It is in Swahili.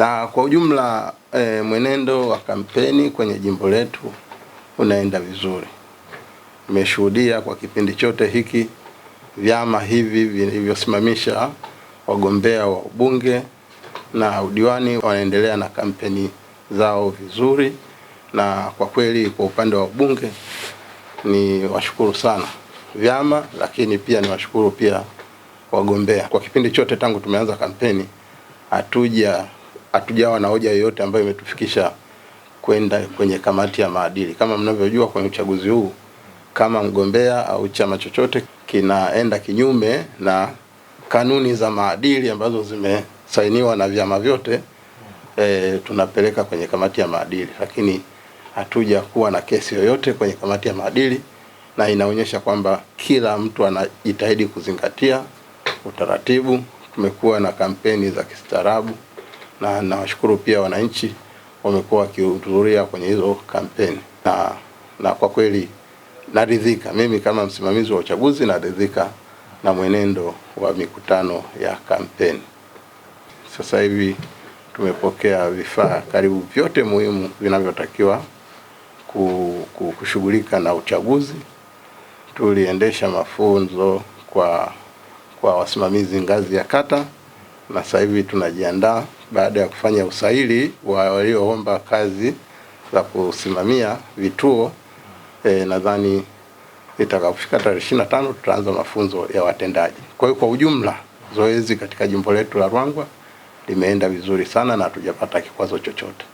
na kwa ujumla e, mwenendo wa kampeni kwenye jimbo letu unaenda vizuri. Nimeshuhudia kwa kipindi chote hiki vyama hivi vilivyosimamisha wagombea wa ubunge na udiwani wanaendelea na kampeni zao vizuri, na kwa kweli kwa upande wa ubunge ni washukuru sana vyama, lakini pia ni washukuru pia wagombea. Kwa kipindi chote tangu tumeanza kampeni hatuja hatujawa na hoja yoyote ambayo imetufikisha kwenda kwenye kamati ya maadili. Kama mnavyojua, kwenye uchaguzi huu kama mgombea au chama chochote kinaenda kinyume na kanuni za maadili ambazo zimesainiwa na vyama vyote e, tunapeleka kwenye kamati ya maadili, lakini hatuja kuwa na kesi yoyote kwenye kamati ya maadili, na inaonyesha kwamba kila mtu anajitahidi kuzingatia utaratibu. Tumekuwa na kampeni za kistaarabu na nawashukuru pia wananchi wamekuwa wakihudhuria kwenye hizo kampeni na, na kwa kweli naridhika mimi kama msimamizi wa uchaguzi naridhika na mwenendo wa mikutano ya kampeni. Sasa hivi tumepokea vifaa karibu vyote muhimu vinavyotakiwa kushughulika na uchaguzi. Tuliendesha mafunzo kwa, kwa wasimamizi ngazi ya kata na sasa hivi tunajiandaa baada ya kufanya usaili wa walioomba kazi za kusimamia vituo e, nadhani itakapofika tarehe ishirini na tano tutaanza mafunzo ya watendaji. Kwa hiyo kwa ujumla zoezi katika jimbo letu la Rwangwa limeenda vizuri sana na hatujapata kikwazo chochote.